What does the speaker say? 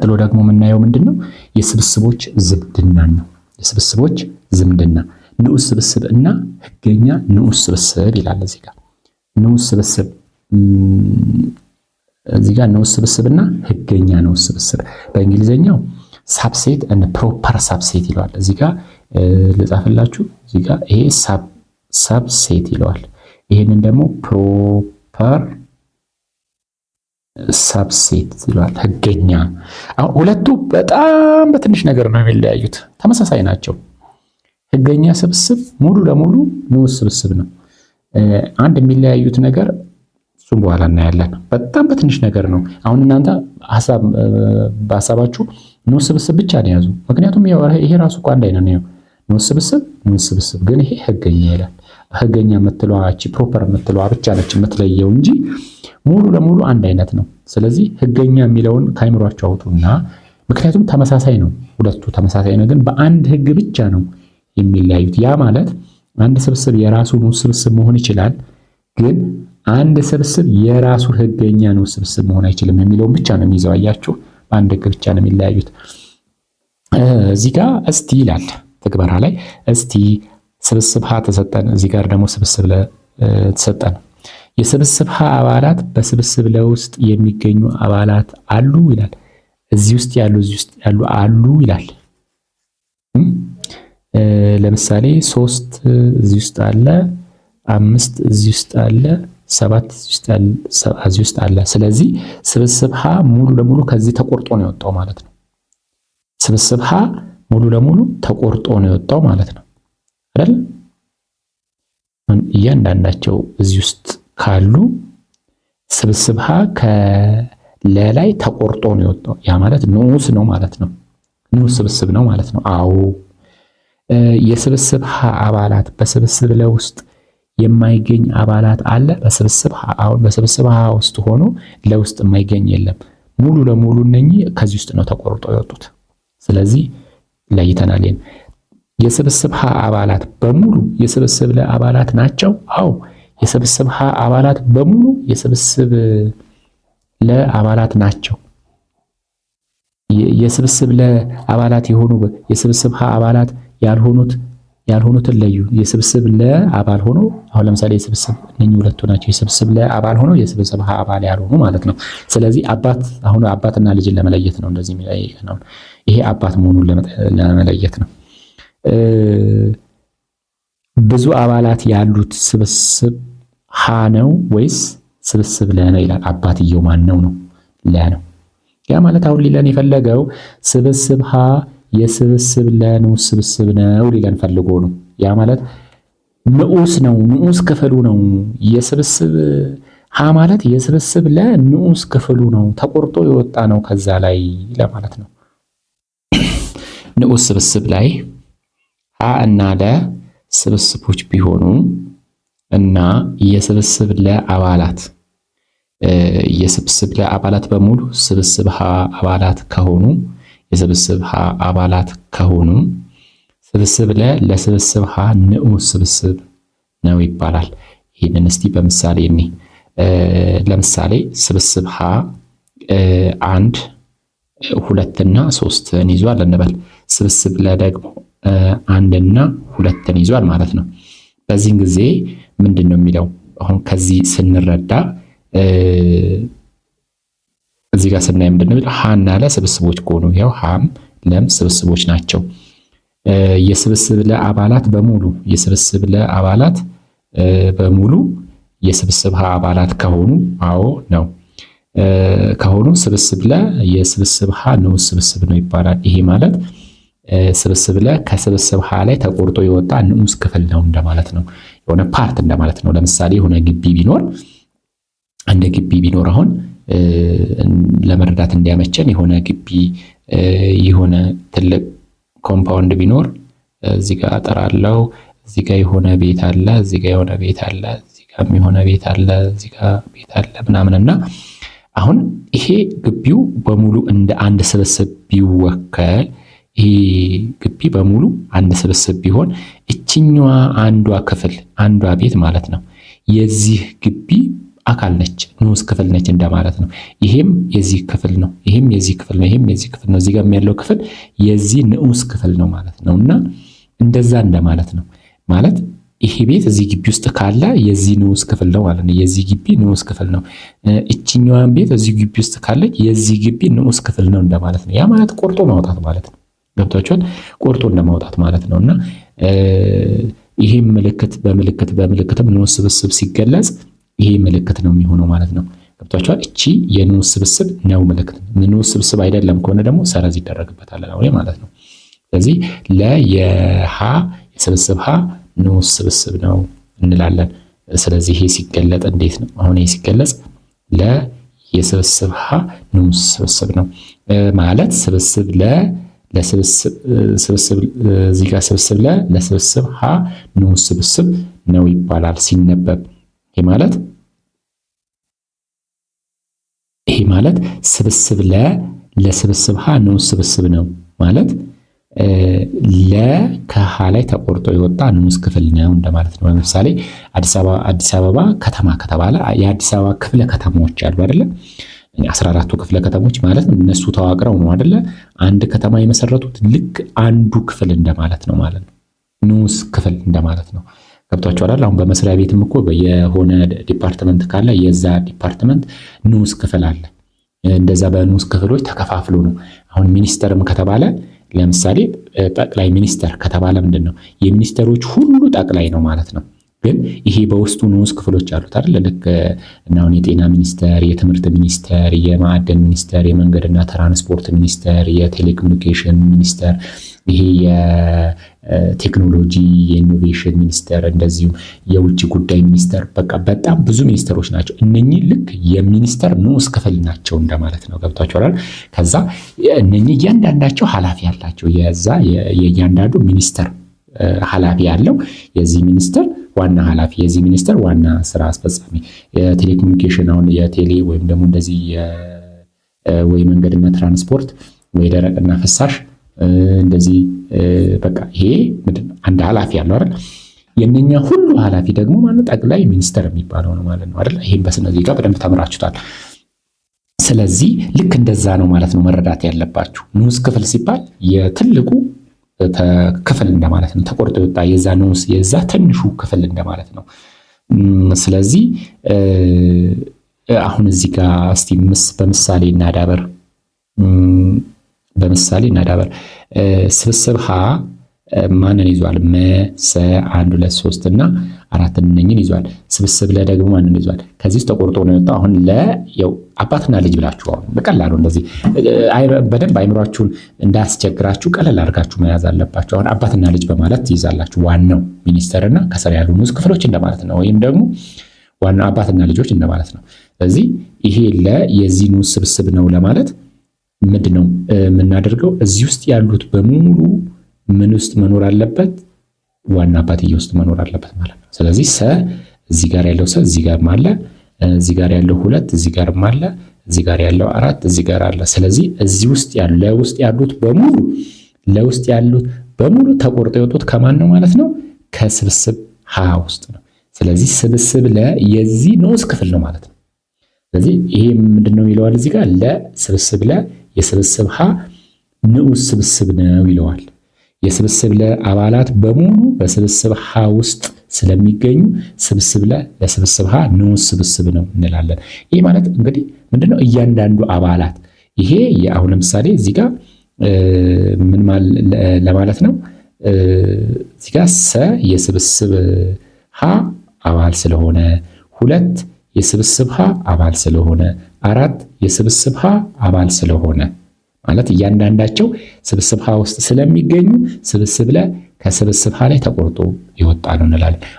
ቀጥሎ ደግሞ የምናየው ምንድን ነው? የስብስቦች ዝምድና ነው። የስብስቦች ዝምድና ንዑስ ስብስብ እና ህገኛ ንዑስ ስብስብ ይላል። እዚህ ጋር ንዑስ ስብስብ እዚህ ጋር ንዑስ ስብስብ እና ህገኛ ንዑስ ስብስብ በእንግሊዘኛው ሳብሴት እና ፕሮፐር ሳብሴት ይለዋል። እዚህ ጋር ልጻፍላችሁ። እዚህ ጋር ይሄ ሳብሴት ይለዋል። ይሄንን ደግሞ ፕሮፐር ሳብሴት ይሏል ህገኛ። አሁን ሁለቱ በጣም በትንሽ ነገር ነው የሚለያዩት፣ ተመሳሳይ ናቸው። ህገኛ ስብስብ ሙሉ ለሙሉ ንዑስ ስብስብ ነው። አንድ የሚለያዩት ነገር እሱም በኋላ እናያለን። በጣም በትንሽ ነገር ነው። አሁን እናንተ ሀሳብ በሀሳባችሁ ንዑስ ስብስብ ብቻ ነው ያዙ። ምክንያቱም ይሄ ራሱ እኮ አንድ አይነት ነው። ንዑስ ስብስብ ንዑስ ስብስብ፣ ግን ይሄ ህገኛ ይላል። ህገኛ የምትለዋ ፕሮፐር የምትለዋ ብቻ ነች የምትለየው እንጂ ሙሉ ለሙሉ አንድ አይነት ነው። ስለዚህ ህገኛ የሚለውን ከአይምሯቸው አውጡና ምክንያቱም ተመሳሳይ ነው። ሁለቱ ተመሳሳይ ነው፣ ግን በአንድ ህግ ብቻ ነው የሚለያዩት። ያ ማለት አንድ ስብስብ የራሱ ነው ስብስብ መሆን ይችላል፣ ግን አንድ ስብስብ የራሱ ህገኛ ነው ስብስብ መሆን አይችልም የሚለውን ብቻ ነው የሚይዘው። አያችሁ፣ በአንድ ህግ ብቻ ነው የሚለያዩት። እዚህ ጋር እስቲ ይላል ትግበራ ላይ እስቲ ስብስብ ሀ ተሰጠን። እዚህ ጋር ደግሞ ስብስብ ለ ተሰጠን የስብስብ ሀ አባላት በስብስብ ለውስጥ ውስጥ የሚገኙ አባላት አሉ ይላል። እዚህ ውስጥ ያሉ እዚህ ውስጥ ያሉ አሉ ይላል። ለምሳሌ ሶስት እዚህ ውስጥ አለ፣ አምስት እዚህ ውስጥ አለ፣ ሰባት እዚህ ውስጥ አለ። ስለዚህ ስብስብ ሀ ሙሉ ለሙሉ ከዚህ ተቆርጦ ነው የወጣው ማለት ነው። ስብስብ ሀ ሙሉ ለሙሉ ተቆርጦ ነው የወጣው ማለት ነው አይደል? እያንዳንዳቸው እዚህ ውስጥ ካሉ ስብስብ ሀ ከለላይ ተቆርጦ ነው የወጣው። ያ ማለት ንዑስ ነው ማለት ነው። ንዑስ ስብስብ ነው ማለት ነው። አዎ የስብስብ ሀ አባላት በስብስብ ለ ውስጥ የማይገኝ አባላት አለ። በስብስብ አሁን በስብስብ ሀ ውስጥ ሆኖ ለውስጥ የማይገኝ የለም። ሙሉ ለሙሉ እነኚህ ከዚህ ውስጥ ነው ተቆርጦ የወጡት። ስለዚህ ለይተናል። የስብስብ ሀ አባላት በሙሉ የስብስብ ለ አባላት ናቸው። አዎ የስብስብ ሀ አባላት በሙሉ የስብስብ ለ አባላት ናቸው። የስብስብ ለ አባላት የሆኑ የስብስብ ሀ አባላት ያልሆኑት ያልሆኑትን ለዩ። የስብስብ ለ አባል ሆኖ አሁን ለምሳሌ የስብስብ እነኚህ ሁለቱ ናቸው። የስብስብ ለ አባል ሆኖ የስብስብ ሀ አባል ያልሆኑ ማለት ነው። ስለዚህ አባት አሁን አባትና ልጅን ለመለየት ነው እንደዚህ ነው። ይሄ አባት መሆኑን ለመለየት ነው። ብዙ አባላት ያሉት ስብስብ ሀ ነው ወይስ ስብስብ ለ ነው ይላል። አባትየው ማን ነው ነው? ለ ነው። ያ ማለት አሁን ሊለን የፈለገው ስብስብ ሀ የስብስብ ለ ነው ስብስብ ነው ሊለን ፈልጎ ነው። ያ ማለት ንዑስ ነው፣ ንዑስ ክፍሉ ነው። የስብስብ ሀ ማለት የስብስብ ለ ንዑስ ክፍሉ ነው፣ ተቆርጦ የወጣ ነው ከዛ ላይ ለማለት ነው። ንዑስ ስብስብ ላይ ሀ እና ለ ስብስቦች ቢሆኑ እና የስብስብ ለአባላት የስብስብ ለአባላት በሙሉ ስብስብ ሀ አባላት ከሆኑ የስብስብ ሀ አባላት ከሆኑ ስብስብ ለ ለስብስብ ሀ ንዑስ ስብስብ ነው ይባላል። ይህንን እስቲ በምሳሌ እኔ ለምሳሌ ስብስብ ሀ አንድ ሁለትና ሶስትን ይዟል እንበል። ስብስብ ለ ደግሞ አንድና ሁለትን ይዟል ማለት ነው። በዚህን ጊዜ ምንድን ነው የሚለው አሁን ከዚህ ስንረዳ እዚህ ጋር ስናይ ምንድን ነው ሀ ሀና ለ ስብስቦች ከሆኑ ያው ሀም ለም ስብስቦች ናቸው። የስብስብ ለ አባላት በሙሉ የስብስብ ለ አባላት በሙሉ የስብስብ ሀ አባላት ከሆኑ አዎ ነው ከሆኑ ስብስብ ለ የስብስብ ሀ ንዑስ ስብስብ ነው ይባላል። ይሄ ማለት ስብስብ ላይ ከስብስብ ሀ ላይ ተቆርጦ የወጣ ንዑስ ክፍል ነው እንደማለት ነው። የሆነ ፓርት እንደማለት ነው። ለምሳሌ የሆነ ግቢ ቢኖር አንድ ግቢ ቢኖር አሁን ለመረዳት እንዲያመቸን የሆነ ግቢ የሆነ ትልቅ ኮምፓውንድ ቢኖር እዚህ ጋር አጥር አለው፣ እዚህ ጋር የሆነ ቤት አለ፣ እዚህ ጋር የሆነ ቤት አለ፣ እዚህ ጋር የሆነ ቤት አለ፣ እዚህ ጋር ቤት አለ ምናምንና አሁን ይሄ ግቢው በሙሉ እንደ አንድ ስብስብ ቢወከል ይሄ ግቢ በሙሉ አንድ ስብስብ ቢሆን እችኛዋ አንዷ ክፍል አንዷ ቤት ማለት ነው የዚህ ግቢ አካል ነች፣ ንዑስ ክፍል ነች እንደማለት ነው። ይሄም የዚህ ክፍል ነው፣ ይሄም የዚህ ክፍል ነው፣ ይሄም የዚህ ክፍል ነው። እዚህ ጋር ያለው ክፍል የዚህ ንዑስ ክፍል ነው ማለት ነው እና እንደዛ እንደማለት ነው ማለት ይሄ ቤት እዚህ ግቢ ውስጥ ካለ የዚህ ንዑስ ክፍል ነው ማለት ነው። የዚህ ግቢ ንዑስ ክፍል ነው። እችኛዋን ቤት እዚህ ግቢ ውስጥ ካለች የዚህ ግቢ ንዑስ ክፍል ነው እንደማለት ነው። ያ ማለት ቆርጦ ማውጣት ማለት ነው። ገብቷችኋል? ቆርጦ እንደማውጣት ማለት ነው። እና ይህም ምልክት በምልክት በምልክትም ንዑስ ስብስብ ሲገለጽ ይሄ ምልክት ነው የሚሆነው ማለት ነው። ገብቷችኋል? እቺ የንዑስ ስብስብ ነው ምልክት። ንዑስ ስብስብ አይደለም ከሆነ ደግሞ ሰረዝ ይደረግበታል ማለት ነው። ስለዚህ ለየሀ የስብስብ ሀ ንዑስ ስብስብ ነው እንላለን። ስለዚህ ይሄ ሲገለጥ እንዴት ነው? አሁን ይሄ ሲገለጽ ለ የስብስብ ሀ ንዑስ ስብስብ ነው ማለት ስብስብ ለ ለስብስብ እዚህ ጋር ስብስብ ለ ለስብስብ ሀ ንዑስ ስብስብ ነው ይባላል ሲነበብ። ይሄ ማለት ይሄ ማለት ስብስብ ለ ለስብስብ ሀ ንዑስ ስብስብ ነው ማለት ለ ከሀ ላይ ተቆርጦ የወጣ ንዑስ ክፍል ነው እንደማለት ነው። ለምሳሌ አዲስ አበባ ከተማ ከተባለ የአዲስ አበባ ክፍለ ከተማዎች አሉ አይደለም? አስራ አራቱ ክፍለ ከተሞች ማለት እነሱ ተዋቅረው ነው አደለ? አንድ ከተማ የመሰረቱት ልክ አንዱ ክፍል እንደማለት ነው ማለት ነው። ንዑስ ክፍል እንደማለት ነው። ገብቷችኋል? አሁን በመስሪያ ቤትም እኮ የሆነ ዲፓርትመንት ካለ የዛ ዲፓርትመንት ንዑስ ክፍል አለ። እንደዛ በንዑስ ክፍሎች ተከፋፍሎ ነው። አሁን ሚኒስተርም ከተባለ ለምሳሌ ጠቅላይ ሚኒስተር ከተባለ ምንድን ነው የሚኒስተሮች ሁሉ ጠቅላይ ነው ማለት ነው። ግን ይሄ በውስጡ ንዑስ ክፍሎች አሉት አይደል? ልክ እና የጤና ሚኒስቴር፣ የትምህርት ሚኒስቴር፣ የማዕድን ሚኒስቴር፣ የመንገድና ትራንስፖርት ሚኒስቴር፣ የቴሌኮሙኒኬሽን ሚኒስቴር፣ ይሄ የቴክኖሎጂ የኢኖቬሽን ሚኒስቴር፣ እንደዚሁም የውጭ ጉዳይ ሚኒስቴር፣ በቃ በጣም ብዙ ሚኒስቴሮች ናቸው። እነኚህ ልክ የሚኒስቴር ንዑስ ክፍል ናቸው እንደማለት ነው። ገብቷችኋል? ከዛ እነኚህ እያንዳንዳቸው ኃላፊ ያላቸው የዛ የእያንዳንዱ ሚኒስቴር ኃላፊ ያለው የዚህ ሚኒስቴር ዋና ኃላፊ የዚህ ሚኒስቴር ዋና ስራ አስፈጻሚ የቴሌኮሙኒኬሽን አሁን የቴሌ ወይም ደግሞ እንደዚህ ወይ መንገድና ትራንስፖርት ወይ ደረቅና ፍሳሽ እንደዚህ በቃ ይሄ አንድ ኃላፊ ያለው አይደል? የነኛ ሁሉ ኃላፊ ደግሞ ማለት ጠቅላይ ሚኒስተር የሚባለው ነው ማለት ነው አይደል? ይሄን በስነ ዜጋ በደንብ ተምራችሁታል። ስለዚህ ልክ እንደዛ ነው ማለት ነው መረዳት ያለባችሁ። ንዑስ ክፍል ሲባል የትልቁ ክፍል እንደማለት ነው። ተቆርጦ የወጣ የዛ ንዑስ የዛ ትንሹ ክፍል እንደማለት ነው። ስለዚህ አሁን እዚህ ጋር እስቲ በምሳሌ እናዳበር በምሳሌ እናዳበር ስብስብ ሀ ማንን ይዟል? መ፣ ሰ፣ አንድ ሁለት ሶስት እና አራት እነኝን ይዟል። ስብስብ ለ ደግሞ ማንን ይዟል? ከዚህ ተቆርጦ ነው የወጣው። አሁን ለ ያው አባትና ልጅ ብላችሁ አሁን በቀላሉ እንደዚህ በደንብ አይምሯችሁን እንዳያስቸግራችሁ ቀለል አድርጋችሁ መያዝ አለባችሁ። አሁን አባትና ልጅ በማለት ትይዛላችሁ። ዋናው እና ከስር ያሉ ንዑስ ክፍሎች እንደማለት ነው። ወይም ደግሞ ዋናው አባትና ልጆች እንደማለት ነው። ስለዚህ ይሄ ለ የዚህ ንዑስ ስብስብ ነው ለማለት ምንድን ነው የምናደርገው? እዚህ ውስጥ ያሉት በሙሉ ምን ውስጥ መኖር አለበት? ዋና አባትዬ ውስጥ መኖር አለበት ማለት ነው። ስለዚህ ሰ እዚህ ጋር ያለው ሰ እዚህ ጋር አለ፣ እዚህ ጋር ያለው ሁለት እዚህ ጋር አለ፣ እዚህ ጋር ያለው አራት እዚህ ጋር አለ። ስለዚህ እዚህ ውስጥ ያሉ ውስጥ ያሉት በሙሉ ለውስጥ ያሉት በሙሉ ተቆርጦ የወጡት ከማን ነው ማለት ነው? ከስብስብ ሀ ውስጥ ነው። ስለዚህ ስብስብ ለ የዚህ ንዑስ ክፍል ነው ማለት ነው። ስለዚህ ይሄ ምንድን ነው ይለዋል እዚህ ጋር ለ ስብስብ ለ የስብስብ ሀ ንዑስ ስብስብ ነው ይለዋል። የስብስብ ለ አባላት በሙሉ በስብስብ ሀ ውስጥ ስለሚገኙ ስብስብ ለ ለስብስብ ሀ ንዑስ ስብስብ ነው እንላለን። ይህ ማለት እንግዲህ ምንድነው? እያንዳንዱ አባላት ይሄ አሁን ለምሳሌ እዚህ ጋር ምን ለማለት ነው? እዚህ ጋር ሰ የስብስብ ሀ አባል ስለሆነ፣ ሁለት የስብስብ ሀ አባል ስለሆነ፣ አራት የስብስብ ሀ አባል ስለሆነ ማለት እያንዳንዳቸው ስብስብ ሀ ውስጥ ስለሚገኙ ስብስብ ለ ከስብስብ ሀ ላይ ተቆርጦ ይወጣሉ እንላለን።